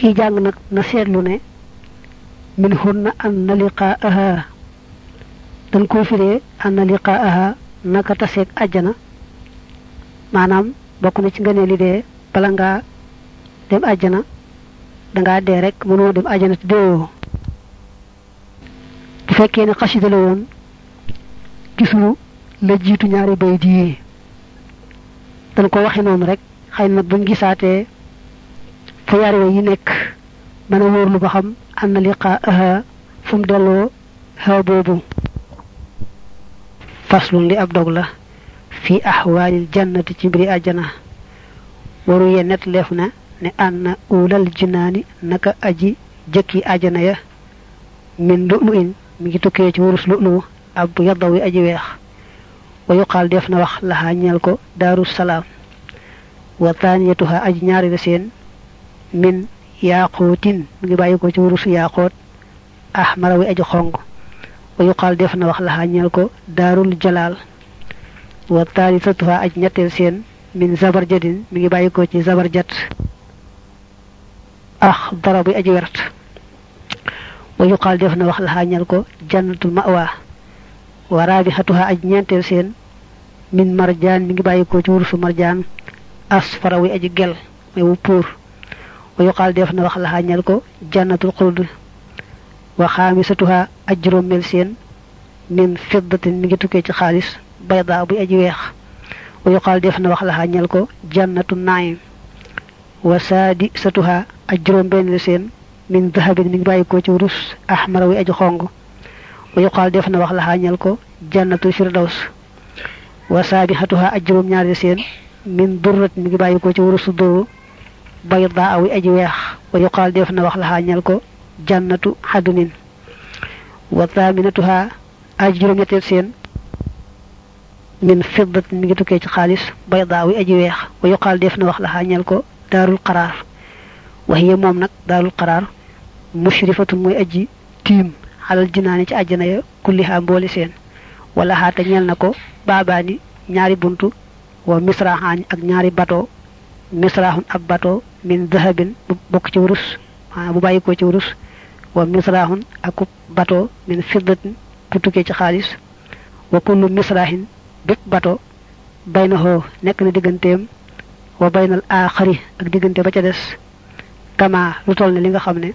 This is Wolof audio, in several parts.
kii jàng nag na seetlu ne min hunna anna liqaaha dañ ko firee anna liqaaha naka taseeg àjjana maanaam bokku na ci nga ne li dee bala ngaa dem àjjana dangaa dee rek mënoo dem àjjana te deewoo bu fekkee ne xasida la woon gisulu la jiitu ñaari bay di dañ ko waxe noonu rek xëy na buñ gisaatee fa yaar yooyu nekk mën a wóorlu ba xam am na liqaaha fu delloo xew boobu faslun li ab dog la fii axwaalil jannati ci mbiri àjjana waru ye net leef na ne ànna ulal jinaani naka aji jëkki àjjana ya min lulu in mi ngi tukkee ci wurus lulu ab yaddaw yi aji weex wa yuqaal def na wax laxaa ñeel ko daaru salaam wa taaniyatuha aji ñaari la min yaaquutin mu ngi bàyyi ko ci wurusu yaaquut ahmara wi aju xong wa yuqaal def na wax laxaa ñeel ko daarul jalaal wa taalisatuha aj ñetteel seen min zabarjadin mi ngi bàyyi ko ci zabarjat ax dara bi aji wert wa yuqaal def na wax laxaa ñeel ko jannatul ma'wa wa raabihatuha aj ñeenteel seen min marjaan mi ngi bàyyi ko ci wurusu marjaan asfara wi aji gel may wu puur wa yuqaal def na wax laxaa ñel ko jannatul xuld wa xaamisatuha ak juróom-mel seen min fiddatin mi ngi tukkee ci xaalis bayda buy aji weex wa yuqaal def na wax laxaa ñel ko jannatu naayim wa saadi satuha ak juróom-benn seen min dahabin mi ngi bàyyi ko ci wurus ahmara wi aji xong wa yuqaal def na wax laxaa ñel ko jannatul firdaws wa saabixatuha ak juróom-ñaari seen min durrat mi ngi bàyyi ko ci wurusu dóoru baydaa awi aji weex wa yuqaal def na wax laxaa ñel ko jannatu xadunin wa thaminatuha aji juróom-ñetteel ci xaalis baydaa weex wa def na wax laxaa ñel ko daarul qaraar moom nag daarul qaraar mushrifatun mooy aji tiim xalal jinaani ci àjjana ya kullihaa mbooli seen wala xaata ñeel na ko baabaani ñaari bunt wa misraxaan ak ñaari bato misraxun ab bato min dahabin bu bokk ci wurus maanaam bu bàyyikoo ci wurus wa misrahun akub bato min fiddatin bu tukkee ci xaalis wa kullu misrahin bépp bato baynahoo nekk na digganteem wa baynal aaxari ak diggante ba ca des kama lu toll ne li nga xam ne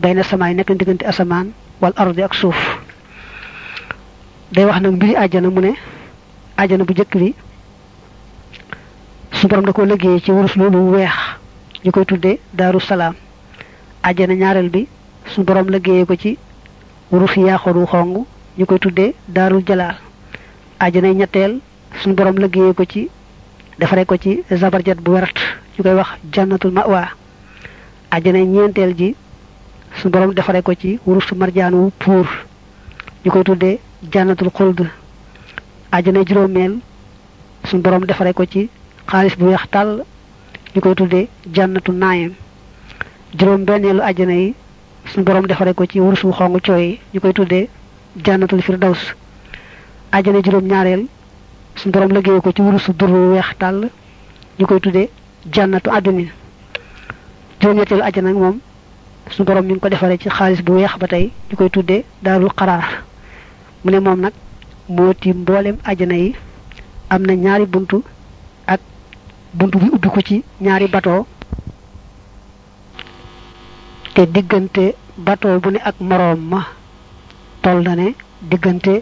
bayna samaay nekk na diggante asamaan wal ardi ak suuf day wax nag mbiri àjjana mu ne àjjana bu jëkk bi su borom da ko liggéey ci wurus loolu weex ñu koy tuddee daaru salaam ajjana ñaareel bi su borom liggéeyee ko ci wuruf yaaxoon wu xong ñu koy tuddee daarul jalaal ajjana ñetteel suñu borom liggéeyee ko ci defaree ko ci zabarjat bu werat ñu koy wax jannatul mawa ajjana ñeenteel ji suñu borom defaree ko ci wurus marjaan wu puur ñu koy tuddee jannatul xuld ajjana juróomeel suñu borom defaree ko ci xaalis bu weex tàll ñu koy tuddee jànnatu naayem juróom benneelu àjjana yi suñu borom defaree ko ci wurus wu xong cooy ñu koy tuddee jannatul firdaws àjjana juróom ñaareel suñu borom liggéey ko ci wurusu dur wu weex tàll ñu koy tuddee jànnatu àdduna juróom ñetteelu àjjana nag moom suñu borom ñu ko defaree ci xaalis bu weex ba tey ñu koy tuddee daarul xaraar mu ne moom nag moo tiim mboolem àjjana yi am na ñaari buntu bunt bi ubbi ko ci ñaari bato te diggante bateau bu ne ak moroom ma toll na ne diggante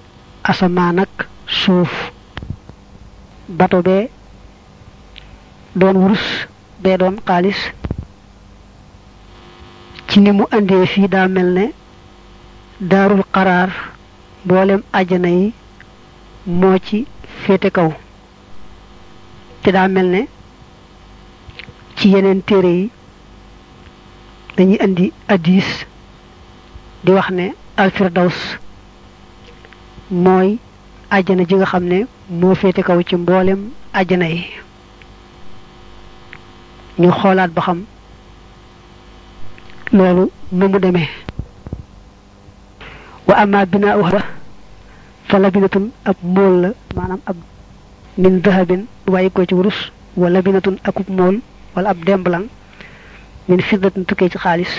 asamaan ak suuf bateau bee doon wurus bee doon xaalis ci ni mu andee fii daa mel ne daarul xaraar mboolem àjjana yi moo ci féete kaw te daa mel ne ci yeneen téere yi dañuy indi addis di wax ne alfirdaws mooy àjjana ji nga xam ne moo féete kaw ci mboolem àjjana yi ñu xoolaat ba xam loolu nu mu demee wa ama binaa uha fa labinatun ab mbool la maanaam ab min dahabin bàyyi ko ci wurus wa labinatun akub mool wala ab demblan min fiddatin tukkee ci xaalis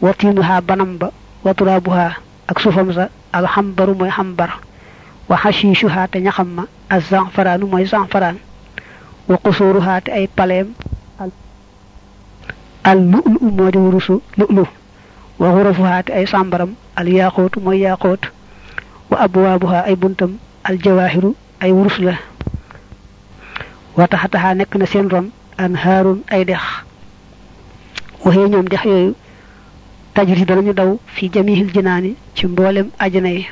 watiinuha banam ba waturaabuha ak suufam sa alxambaru mooy xambar wa xashiishuha te ñaxam ma az zanfaraanu mooy zanfaraan wa qusuuruha te ay paleem al lu'lu moo di wurusu lu'lu wa xurafuha te ay sàmbaram al yaaxootu mooy yaaxoot wa abwaabuha ay buntam al jawaahiru ay wurus la wa taxataxaa nekk na seen ron anhaarun ay dex waxee ñoom dex yooyu tajri danañu daw fi jamihil jinaani ci mboolem ajana yi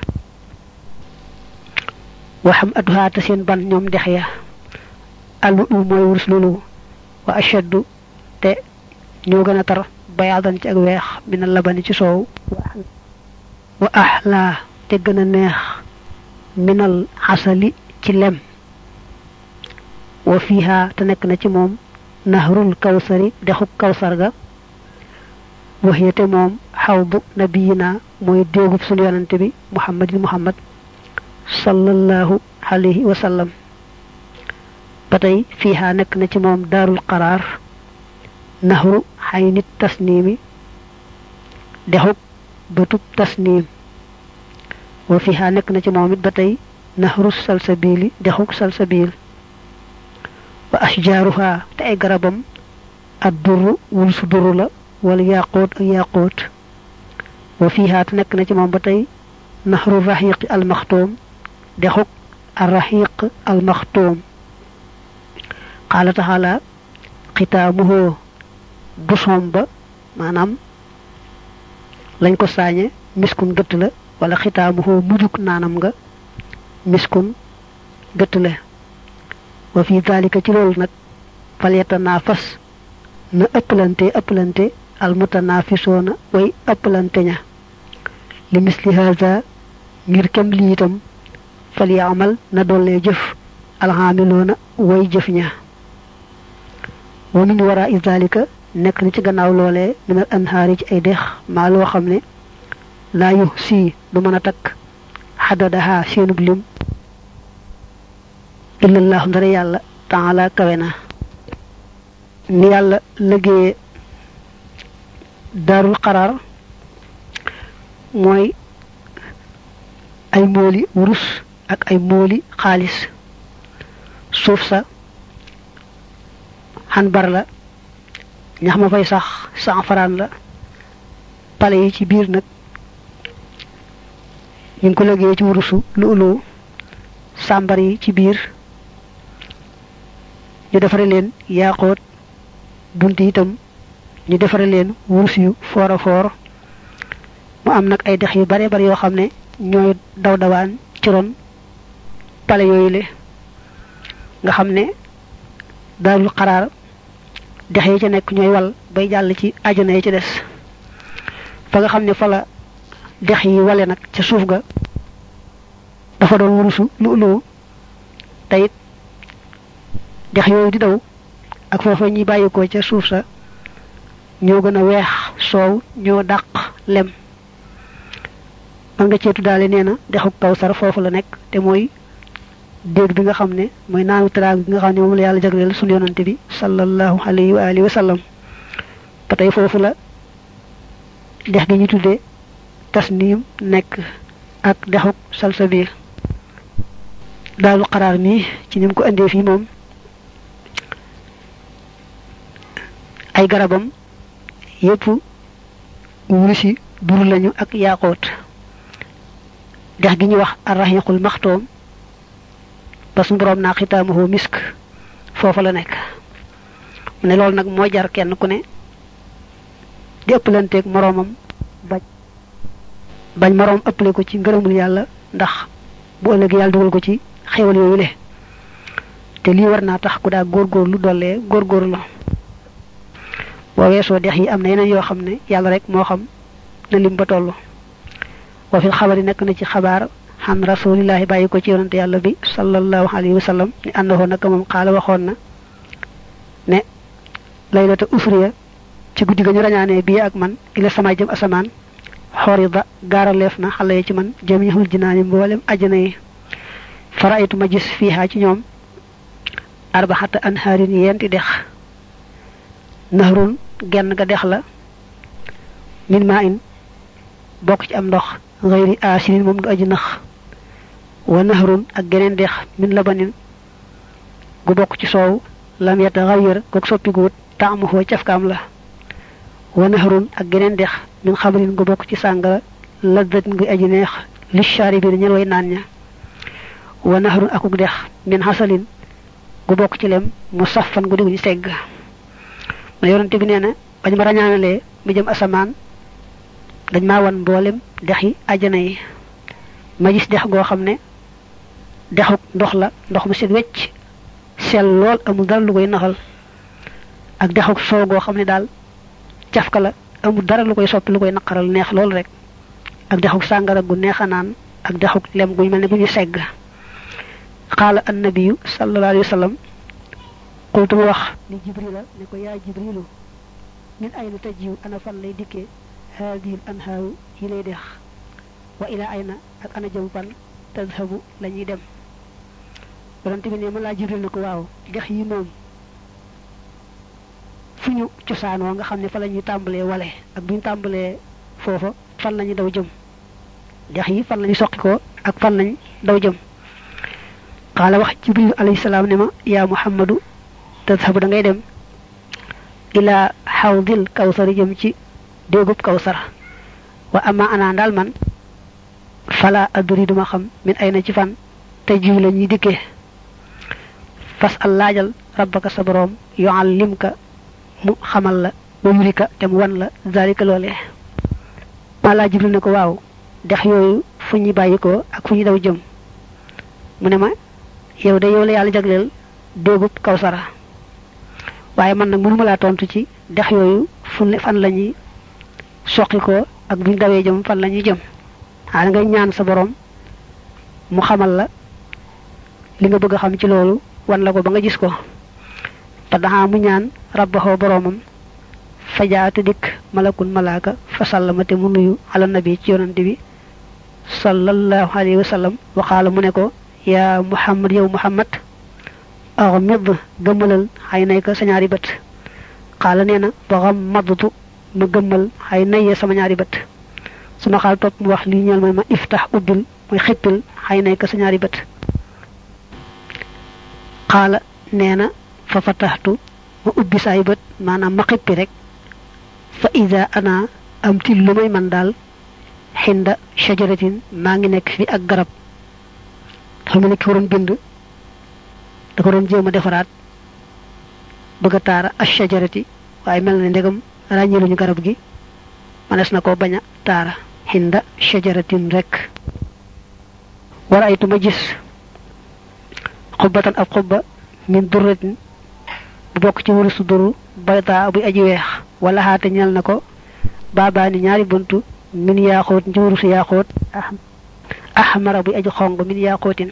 waxam aduhaata seen ban ñoom dex ya allu u mooy wurs lulu wa ashaddu te ñoo gën a tar bayaadan ci ak weex mina labani ci soow wa ahlaa te gën a neex minal xasali ci lem wa fiiha te nekk na ci moom nahrul kawsari dexuk kawsar ga waxyete moom xawdu nabiyina mooy déegub sunu yonante bi muhammadin muhammad sallallahu alayhi wa sallam ba tey fiihaa nekk na ci daaru daarul qaraar nahru xaynit tasniimi dexuk bëtub tasniim wa fiihaa nekk na ci moom it ba tey nahru salsabiili dexuk salsabiil wa ashjaaruha te ay garabam ad durru wul su durru la wala yaqoot ak yaqoot wa fiiha nekk na ci moom ba tey naxru raxiiqi almaxtoom dexuk arraxiiq almaxtoom qaala taxaala xitaamuhoo busoom ba maanaam lañ ko saañe miskun gëtt la wala xitaamuhoo mujug naanam nga miskun gëtt la wa fi daalika ci loolu nag falyatanaafas na ëppalante ëppalante almutanaafisoona way ëppalante ña li misli haza ngir kem lii itam falyamal na dollee jëf alxaamiloona way jëf ña wa min waraa daalika nekk na ci gannaaw loolee minal anhaari ci ay dex maa loo xam ne laa yu sii du mën a takk xadadaha seenub lim jëlallaahu ndare yàlla taala kawe na ni yàlla liggéeye daarul xaraar mooy ay mooli wurus ak ay mooli xaalis suuf sa xanbar la ñax ma fay sax sanfaraan la pale yi ci biir nag ñu ngi ko liggéeye ci wurusu lu uloo sàmbar yi ci biir ñu defare leen yaaqoot bunt itam ñu defare leen wurus yu foor a foor mu am nag ay dex yu bare bari yoo xam ne ñooy dawdawaan dawaan ci ron pale yooyu le nga xam ne daarul xaraar dex yi ca nekk ñooy wal bay jàll ci ajana yi ci des fa nga xam ne fa la dex yi wale nag ca suuf ga dafa doon wurusu lu lu teyit dex yooyu di daw ak foofa ñuy bàyyikoo ca suuf sa ñoo gën a weex soow ñoo dàq lem man nga ceetu daale nee na dexu kawsar foofu la nekk te mooy déeg bi nga xam ne mooy naanu taraag bi nga xam ne moom la yàlla jagleel sunu yonante bi sallallahu alayhi wa alihi wa sallam ba foofu la dex gi ñu tuddee tasniim nekk ak dexu salsabil daalu xaraar mi ci ni ko indee fii moom ay garabam yépp wurusi buru lañu ak yaaxoot dex gi ñuy wax arraxiqul maxtoom bas mboroom naa xitaamuhu misk foofa la nekk mu ne loolu nag mooy jar kenn ku ne di ëppalanteeg moroomam bañ bañ moroom ëppale ko ci ngërëmul yàlla ndax bu ëllëg yàlla dugal ko ci xéwal yooyu le te lii war naa tax ku daa góorgóorlu dollee góorgóorlu boo weesoo dex yi am na yeneen yoo xam ne yàlla rek moo xam na lim ba toll wa fil yi nekk na ci xabaar xam rasulillahi bàyyi ko ci yonante yàlla bi sallallahu alayhi wa sallam ni àndoxoon naka moom xaala waxoon na ne laylata usriya ci guddi ga ñu rañaanee bii ak man ila sama jëm asamaan xoor xorida gaaraleef na xale yi ci man jamihul jinaani mboolem ajjana yi faraytu ma gis fiihaa ci ñoom arbaxata anhaarin yenti dex nahrun genn ga dex la min maa in bokk ci am ndox gayri aasinin moom du aji nax wa nahrun ak geneen dex min labanin gu bokk ci soow lam yataxayyar goog soppi guut taamuhu cafkaam la wa nahrun ak geneen dex min xamrin gu bokk ci sàngara ladat ngi aji neex li shaaribiin ñel way naan ña wa nahrun akuk dex min xasalin gu bokk ci lem mu safan gu dégg ñu segg na bi nee na bañ ma rañaanalee mu jëm asamaan dañ maa wan mboolem dex yi àjjana yi ma gis dex goo xam ne dexuk ndox la ndox mu set wecc sel lool amul koy naxal ak dexuk soow goo xam ne daal cafka la amul dara lu koy soppi lu koy naqaral neex lool rek ak dexuk sàngara gu neex a naan ak dexuk lem guñ mel ni bu ñu segg xaala annabiyu sallallahu alayhi wa qultu wax li jibrila ne ko yaa jibrilu min ayna tajiw ana fan lay dikke haadihi yi lay dex wa ila ayna ak ana jëm fan tadhabu la ñuy dem yonente bi ne mën laa jibril ne ko waaw dex yi moom fu ñu cosaanoo nga xam ne fan la ñuy tàmbalee wale ak bu ñu tàmbalee foofa fan lañuy daw jëm dex yi fan lañu soqi ko ak fan lañu daw jëm xaala wax jibril alayhi salaam ne ma yaa muhammadu tadhabu da dangay dem ilaa xawdil kawsari jëm ci déegub kawsar wa ama anaan daal man fala aduri duma xam min ay na ci fan te jiw la ñuy dikkee fas al laajal rabbaka sa boroom yuallimka mu xamal la wa te mu wan la zalika loolee maa laa jibril ne ko waaw dex yooyu fu ñu bàyyi ko ak fu ñu daw jëm mu ne ma yow de yow la yàlla jagleel déegub kawsara waaye man nag mënuma laa tontu ci dex yooyu fu ne fan la ñuy soqi ko ak buñ dawee jëm fan la ñuy jëm xanaa ngay ñaan sa boroom mu xamal la li nga bëgg a xam ci loolu wan la ko ba nga gis ko te daxaa mu ñaan rabbaxoo boromam fajaate dikk malakul malaaka fa sallama te mu nuyu ala nabi ci yonante bi sallallahu alayhi wa sallam mu ne ko yaa muhammad yow muhammad aw medd gëmmalal xay nay ko sa ñaari bët xaala nee na baxam maddutu ma gëmmal xay nay ya sama ñaari bët su ma xaal topp mu wax lii ñeel mooy ma iftax ubbil mooy xippil xay nay ko sa ñaari bët xaala nee na fa fataxtu ma ubbi saay bët maanaam ma xippi rek fa ida ana am til lu man daal xinda shajaratin maa ngi nekk fi ag garab xam nga nekk waroon bind da ko doon jéem a defaraat bëgg a taara waaye mel na ndegam ràññiluñu garab gi manees na ko bañ a taara xinda shajaratin rek wala ay tuma gis xubbatan ab xubba min durratin bu bokk ci wërusu duru baytaa buy aji weex wala xaate ñal na ko baabaani ñaari buntu min yaaxoot ci wërusu yaaxoot ah, ahmara buy aji xong min yaaxootin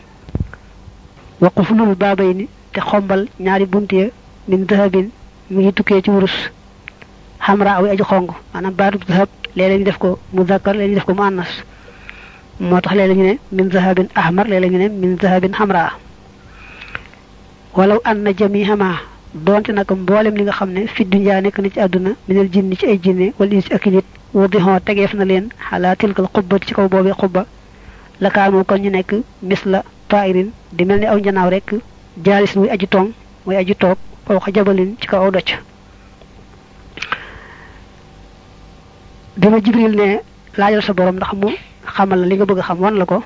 wa quflul baabayni te xombal ñaari bunt ya min dahabin mi ngi tukkee ci wurus xamra aw aji xong maanaam baatub dahab léeg-léeg def ko mu zakkar léeg def ko mu annas moo tax léeg-léeg ñu ne min dahabin ahmar léeg-léeg ñu ne min dahabin xamra walaw an na jamihama doonte nag mboolem li nga xam ne fi dunyaa nekk na ci àdduna minal jinni ci ay jinne wala in si ak nit wadihon tegeef na leen xalaa tilkal xubba ci kaw boobee xubba lakaanu kon ñu nekk mis la taayirin di mel ni aw njanaaw rek jaalis muy aji tong muy aji toog aw xajabalin ci kaw aw docc dina jibril ne laajal sa borom ndax mu xamal la li nga bëgg xam wan la ko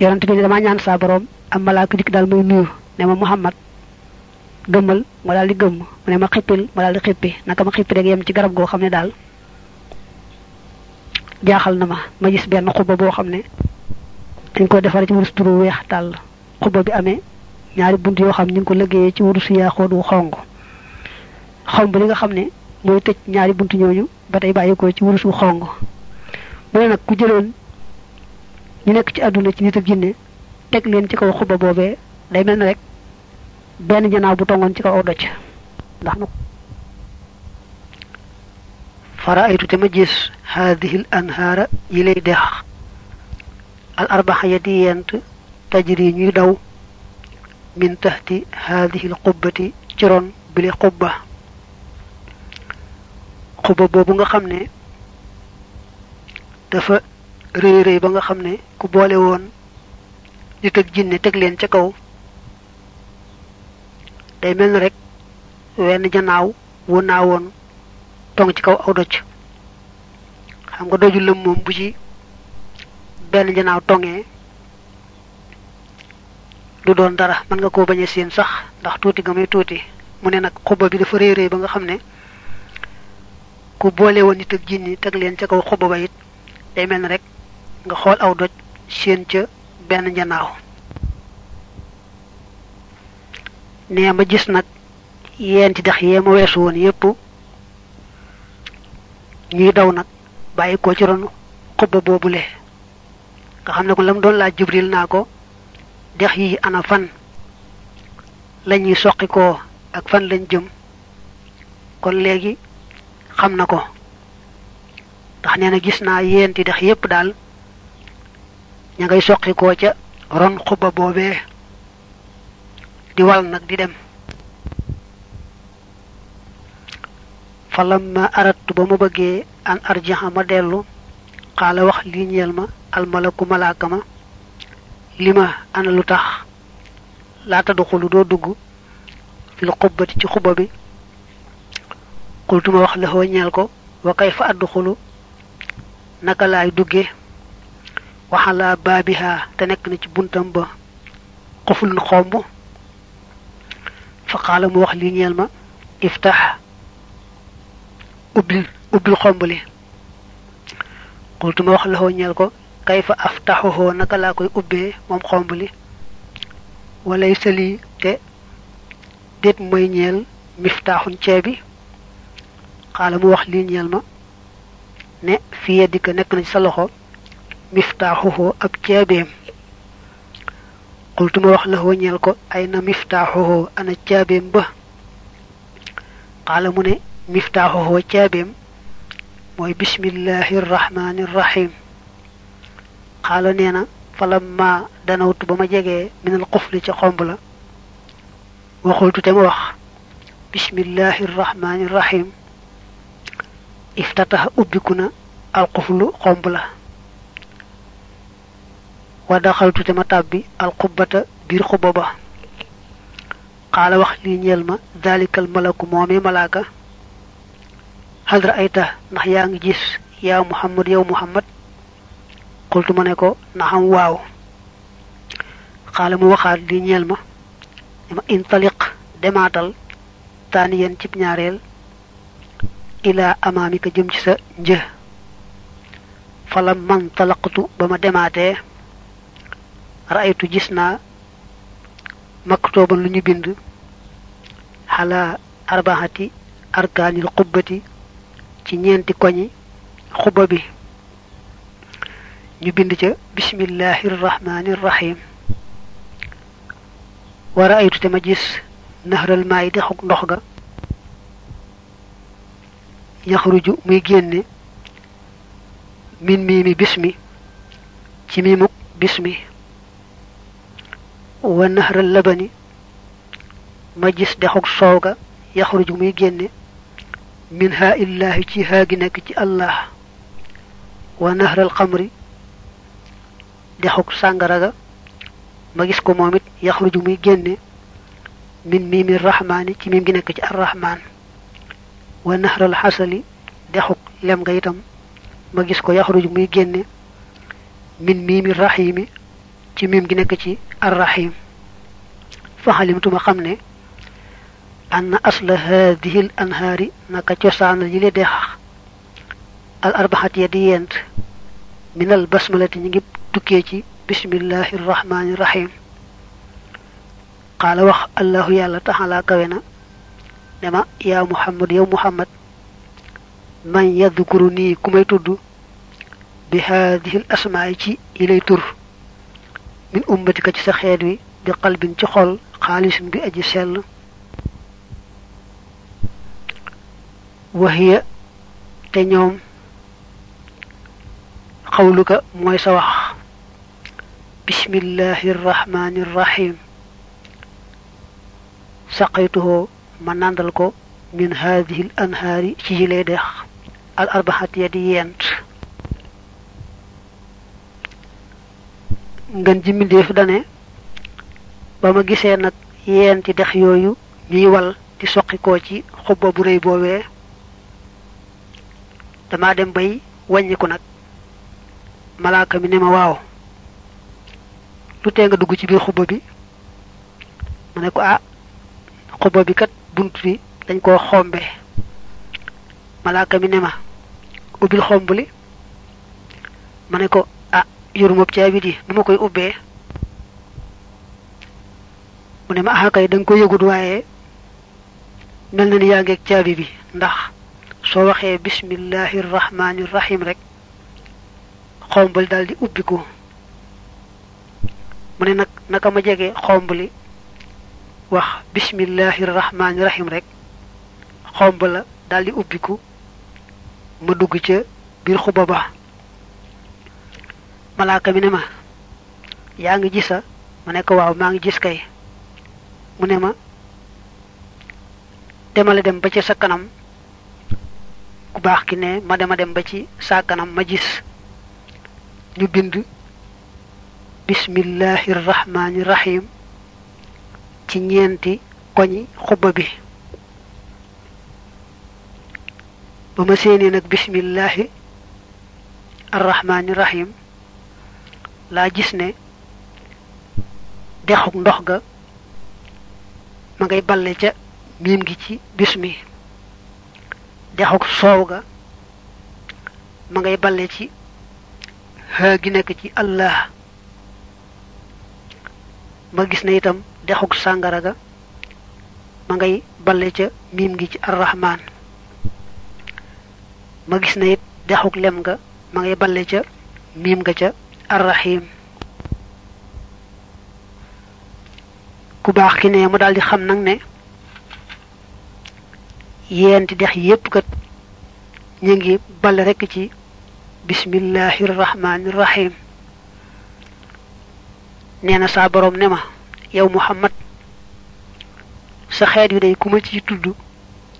yonent bi ne damaa ñaan saa borom am malaaka dikk daal muy nuyu ne ma muhammad gëmmal ma daal di gëmm mu ne ma xippil ma daal di xippi naka ma xippi rek yem ci garab goo xam ne daal jaaxal na ma ma gis benn xubba boo xam ne dañ koy defare ci wurus turu weex tàll xubba bi amee ñaari bunt yoo xam ñu ngi ko liggéeyee ci wurus yaaxoot wu xong xomb li nga xam ne mooy tëj ñaari bunt ñooñu ba tey bàyyi ko ci wurus wu xong mu ne nag ku jëloon ñu nekk ci àdduna ci nit ak jinne teg leen ci kaw xubba boobee day mel ne rek benn janaaw bu tongoon ci kaw aw doj ndax nag faraaytu ma gis haadihi al anhaara yi lay al arbaxa ya di yent tajri ñuy daw min taxti haadihi l xubbati ci ron bile xubba xubba boobu nga xam ne dafa rëy rëy ba nga xam ne ku boole woon nit ak jinne teg leen ca kaw day mel ni rek wenn janaaw naa woon tong ci kaw aw doj xam nga dojul lëm moom bu ci benn ginnaaw tongee du doon dara mën nga koo bañ a séen sax ndax tuuti nga muy tuuti mu ne nag xoba bi dafa réy réy ba nga xam ne ku boole woon nit ak jinni teg leen ca kaw xoba ba it day mel ni rek nga xool aw doj séen ca benn njanaaw nee ma gis nag yeenti dex yee ma weesu woon yépp ñuy daw nag bàyyi ko ci ronu xoba boobule nga xam ne ko lam doon laaj jibril naa ko dex yi ana fan lañuy soqi ko ak fan lañ jëm kon léegi xam na ko ndax nee na gis naa yéenti dex yépp daal ña ngay soqikoo ca ron xuba boobee di wal nag di dem falamma arattu ba ma bëggee an arjiha ma dellu xaala wax lii ñeel ma almalaku malaaka ma li ma ana lu tax laata duxulu doo dugg fil xubbati ci xubba bi xultuma wax laxoo ñeel ko wa kay fa adduxulu naka laay dugge waxalaa baabiha te nekk na ci buntam ba xuful xomb fa xaala mu wax lii ñeel ma iftax ubbil xomb li xultu ma wax la xoo ko kay fa aftaxuhoo naka laa koy ubbee moom xomb li walay sëli te déet mooy ñeel miftaaxuñ ceebi xaala wax lii ñeel ma ne fi yeddika nekk na ci sa loxo miftaaxuhoo ab ceebeem xultu ma wax la xoo ko ay na miftaaxuhoo ana ceebeem ba xaala mu ne miftaaxuhoo ceebeem mooy bismillahi irrahmani irrahim xaala nee na falamma danawtu ba ma jegee minal xufli ca xomb la waxultu te ma wax bismillahi irrahmani irrahim iftatax ubbiku na alxuflu xomb la wa daxaltu te ma tàbbi alxubbata biir xubba ba xaala wax lii ñeel ma dalikal malaku moomee malaaka hal ra'ayta ndax yaa ngi gis yaa muhammad yow muhammad xultu ma ne ko naxam waaw xaala mu waxaat di ñeel ma dama intaliq demaatal taaniyen cib ñaareel ilaa amaamika jëm ci sa një fala man talaqtu ba ma demaatee ra'aytu gis naa maktooban lu ñu bind xalaa arbaxati arkaanil xubbati ci ñeenti koñi xuba bi ñu bind ca bismillahi rrahmani rrahim wara aytu te ma gis naxaral maa dexuk ndox ga yaxruju muy génne min miimi bismi ci miimuk bismi wa naxaral labani ma gis dexuk soow ga yaxruju muy génne min haa illaahi ci haa gi nekk ci allah wa nahral xamri dexuk sàngara ga ma gis ko moom it yaxruju muy génne min miimi rahmaani ci miim gi nekk ci arrahmaan wa nahral xasali dexuk lem nga itam ma gis ko yaxruju muy génne min miimi raxiimi ci miim gi nekk ci arraxiim faxalimtuma xam ne ann asla haadihi l anhaari naka cosaanal yi le dex al arbaxat ya di yent minal basmalati ñi ngi tukkee ci bismillahi irrahmani wax allahu yàlla taxalaa kawe na ne ma yaa muhammad yow muhammad man yadkuru nii ku may tudd bi haadihil asmaa ci yi lay tur min ummatika ci sa xeet wi bi qalbin ci xol xaalisin bi aji sell waxiya te ñoom xawluka mooy sa wax bismillahi rrahmani rrahim ma nàndal ko min haadihi l anhaari ci lay dex al arbaxati ya di yent ngën ji mbindéef ba ma gisee nag yeenti dex yooyu ñuy wal di soqikoo ci xubba bu réy boobee damaa dem bay wàññiku nag malaaka mi ne ma waaw lu tee nga dugg ci biir xubba bi ma ne ko ah xubba bi kat bunt bi dañ koo xombe malaaka mi ne ma ubbil xomb li ma ne ko ah yoruma caabi di nu ma koy ubbee mu ne ma ah yi dañ nga ko yëgut waaye mel na ni yaa ngeeg caabi bi ndax soo waxee bismillahi rahmaani rahim rek xombal daal ubbiku mu ne nag naka ma jege xombali wax bismillahi rahmaani rahim rek xombala daal ubbiku ma dugg ca biir xuba ba malaaka mi ne ma yaa ngi gisa ma ne ko waaw maa ngi gis kay mu ne ma demale dem ba ca sa kanam ku baax ki ne ma dema dem ba ci saa ma gis ñu bind bismillahi rahmaani rahim ci ñeenti koñi xubba bi ba ma séenee nag bismillahi arrahmaani rahim laa gis ne dexuk ndox ga ma ngay balle ca miim gi ci bis dexuk soow ga ma ngay balle ci xaa gi ci allah ma gis na itam dexuk sàngara ga ma ngay miim gi ci arrahman ma gis na it dexuk lem ga ma ngay balle ca miim ga ca arrahim ku baax ki ne ma daldi xam nag ne yeenti dex yépp kat ñu ngi bale rekk ci bismillahi rahmaani rahim nee na saa boroom ne ma yow muhammad sa xeet wi day ku ma ci tudd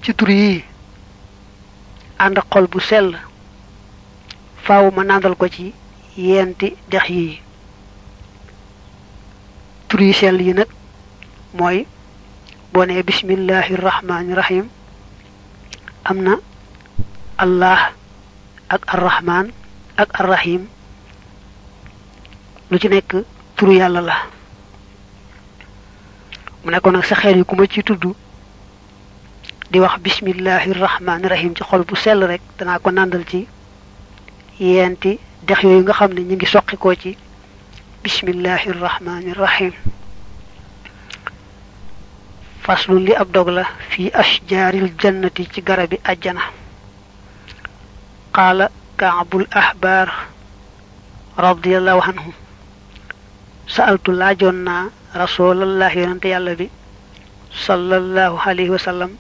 ci tur yii ànd xol bu sell faaw ma nàndal ko ci yeenti dex yii tur yi sell yi nag mooy boo nee bismillahi rahmaani rahim am na allah ak arrahman ak arrahim lu ci nekk pour yàlla la mu nekkoon nag sa xeet yi ku ma ci tudd di wax bismillahi rahmaani rahim ci xol bu sell rek danaa ko nàndal ci yeenti dex yooyu nga xam ne ñu ngi soqikoo ci bismillahi rahmaani rahim faslun li ab dog la fi ashjaaril jannati ci garabi àjjana qaala kaabul ahbaar radiallahu anhu sa'altu laajoon naa rasulallah yàlla bi sallallahu alayhi wa sallam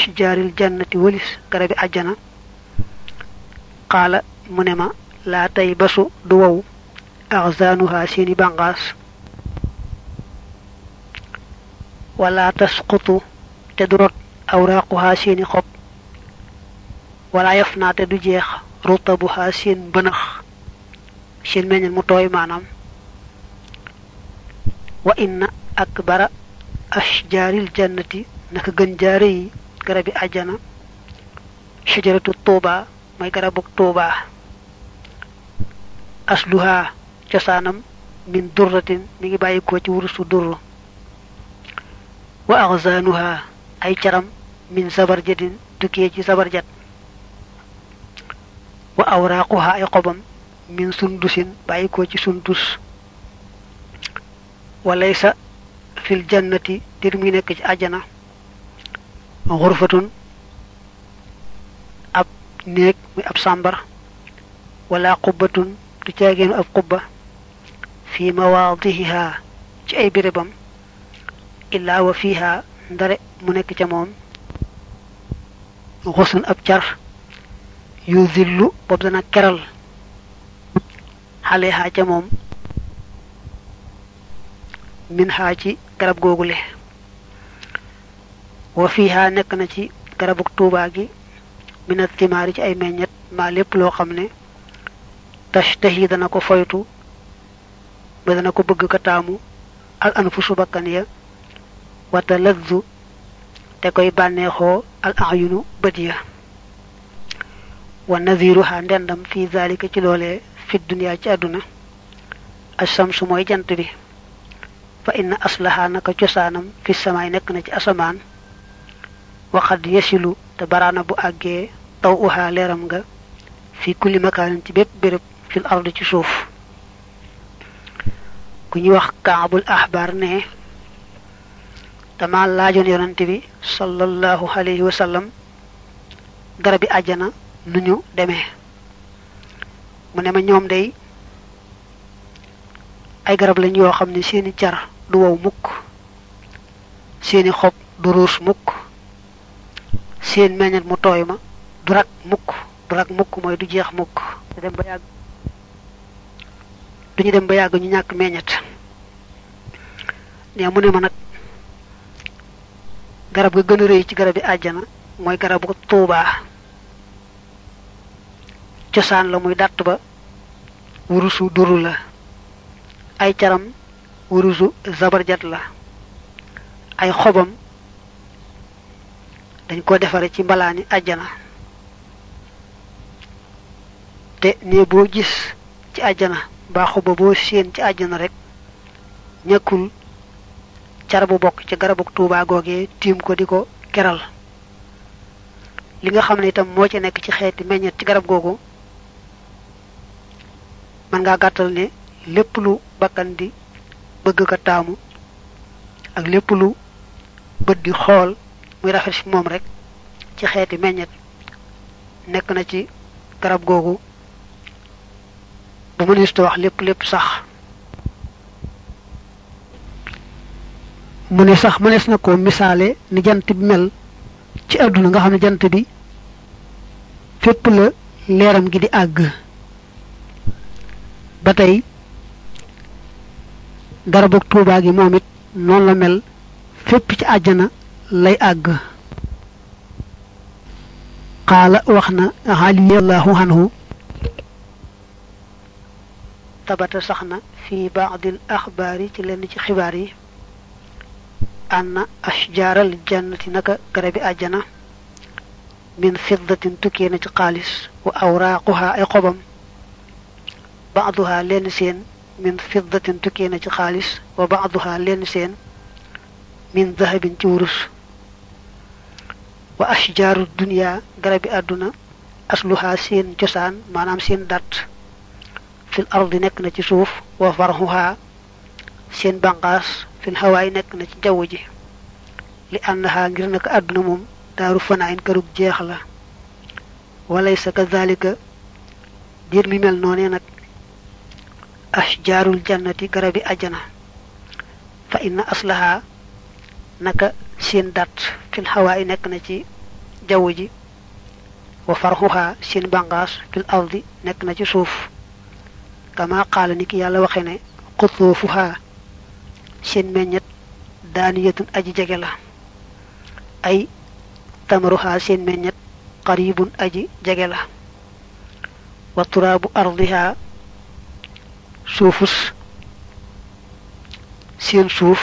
xan jannati walis garabi àjjana qaala mu ne ma laa basu du axzaanuha seeni bànqaas wala tasqutu te du rot awraaquha seeni xob wala yaf naa te du jeex rutabuha seen bënëx seen meññal mu tooy maanaam wa inna akbara ashjaaril jannati naka gën jaare yi garabi àjjana shajaratu tuuba mooy garabuk tuuba asluha cosaanam min durratin mi ngi bàyyikoo ci wurusu durru wa axzaanuha ay caram min sabarjatin tukkee ci sabarjat wa awraaquha ay xobam min sundusin bàyyi ko ci sundus walaysa fil jannati dir muy nekk ci àjjana xurfatun ab néeg muy ab sàmbar wala xubbatun du caageenu ab xubba fi mawaadihiha ci ay bérébam illaa wa fiiha ndare mu nekk ca moom xusun ab car yu zillu boobu dana keral xale xaa ca moom min xaa ci garab googule wa fiiha nekk na ci garabuk tuubaa gi minat timaari ci ay meññet maa lépp loo xam ne yi dana ko foytu ba dana ko bëgg ka taamu al anfusu bakkan ya wata lazzu te koy bànneexoo al ayunu bët ya wa naziruha ndendam fi zalika ci loolee fi duniyaa ci àdduna ashamsu mooy jant bi fa inna aslaha naka cosaanam fi samaay nekk na ci asamaan waxad yasilu te baraana bu àggee taw uhaa leeram nga fi kulli makaanin ci bépp béréb fil ard ci suuf ku ñuy wax kaabul ahbar ne dama laajoon yonante bi sallallahu alayhi wa garab garabi àjjana nu ñu demee mu ne ma ñoom day ay garab lañ yoo xam ne seeni car du wow mukk seeni xob du mukk seen meññet mu tooy ma du mukk du mukk mooy du jeex mukk du dem ba duñu dem ba yàgg ñu ñàkk meññet ne mu ne ma nag garab ga gën a ci garab yi àjjana mooy garabu tuubaa cosaan la muy dàtt ba wurusu duru la ay caram wurusu zabarjat la ay xobam dañ ko defare ci mbalaani àjjana te ne boo gis ci àjjana baa xoba boo séen ci àjjana rek ñàkkul car bu bokk ci garabu tuubaa googee tiim ko di ko keral li nga xam ne itam moo ci nekk ci xeeti meññet ci garab googu mën ngaa gàttal ne lépp lu bakkan di bëgg ko taamu ak lépp lu bët di xool muy rafet ci moom rek ci xeeti meññet nekk na ci garab googu bu mënees wax lépp lépp sax mu ne sax mënees na ko misaale ni jant bi mel ci àdduna nga xam ne jant bi fépp la leeram gi di àgg ba tey garabug tuubaa gi moom it noonu la mel fépp ci àjjana lay àgg qaala wax na aliyallahu anhu tabata sax na fii baadil axbaar yi ci lenn ci xibaar yi anna ashjaaral jannati naka garabi àjjana min fiddatin tukkee na ci xaalis wa awraaquha ay xobam baaduha lenn seen min fiddatin tukkee na ci xaalis wa baaduha lenn seen min dahabin ci wurus wa ashjaaru dunya garabi àdduna asluha seen cosaan maanaam seen dat fil ardi nekk na ci suuf wa farxuha seen banqaas fil xawaay nekk na ci jaww ji li ànnaha ngir naka àdduna moom daaru fanaayin kërug jeex la walaysa kadhalika diir li mel noonee nag ashjaarul jannati garabi ajana fa inna aslaha naka seen dat fil xawaay nekk na ci jaww ji wa farxuhaa seen bangaas fil ardi nekk na ci suuf kama qaala ki yàlla waxe ne xutoofuhaa seen meññet daaniyatun aji jege la ay tamaruha seen meññet qaribun aji jege la wa turaabu ardiha suufus seen suuf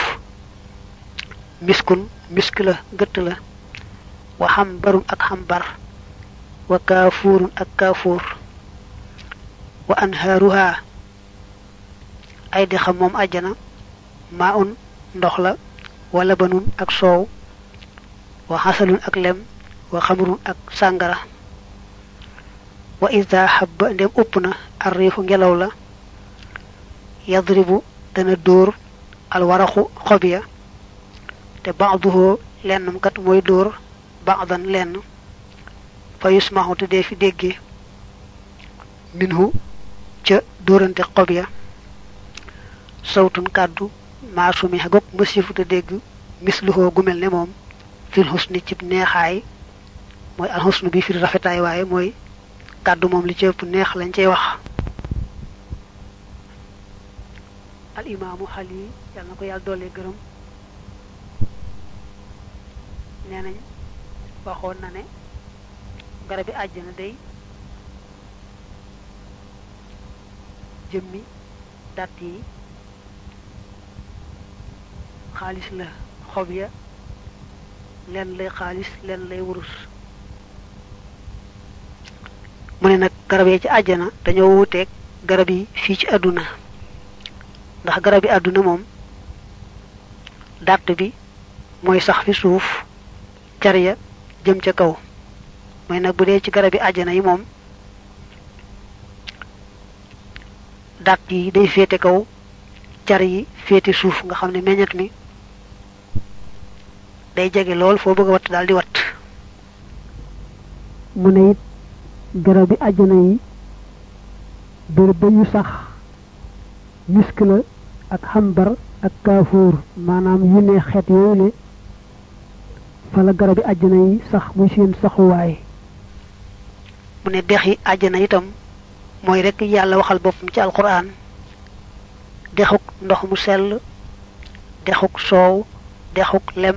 miskun misk la gëtt la wa xambarun ak xambar wa kaafuurun ak kaafuur wa anhaaruha ay dexam moom àjjana maa un ndox la wala banun ak soow wa xasalun ak lem wa xamrun ak sàngara wa ida xabba ndem upp na arriifu ngelaw la yadribu dana dóor alwaraxu xob ya te baaduhoo lennam kat mooy dóor baadan lenn fa yusmahu te dee fi dégge minhu ca dóorante xob ya sawtun kàddu maa sumi goog masifu te dégg misluhoo gu mel ne moom fil xusni cib neexaay mooy alxusnu bi firi rafetaay waaye mooy kàddu moom li ci ëpp neex lañ cey wax al imaamu xali yàlla na ko yàlla doole gërëm nee nañ waxoon na ne garabi àjjana day jëmmi dat yi xaalis la xob ya leen lay xaalis leen lay wurus mu ne nag garab yi ci àjjana dañoo wuuteeg garab yi fii ci àdduna ndax garab yi àdduna moom dàtt bi mooy sax fi suuf car ya jëm ca kaw mooy nag bu dee ci garab yi àjjana yi moom dàtt yi day féete kaw car yi féete suuf nga xam ne meññet mi day jege lool foo bëgg a watt daal di wat mu ne it garab bi àjjana yi béréb yu sax misk la ak xambar ak kaafuur maanaam yu ne xeet yooyu ne fa la garab bi àjjana yi sax muy seen saxuwaay mu ne dex yi àjjana itam mooy rek yàlla waxal boppam ci alquran dexuk ndox mu sell dexuk soow dexuk lem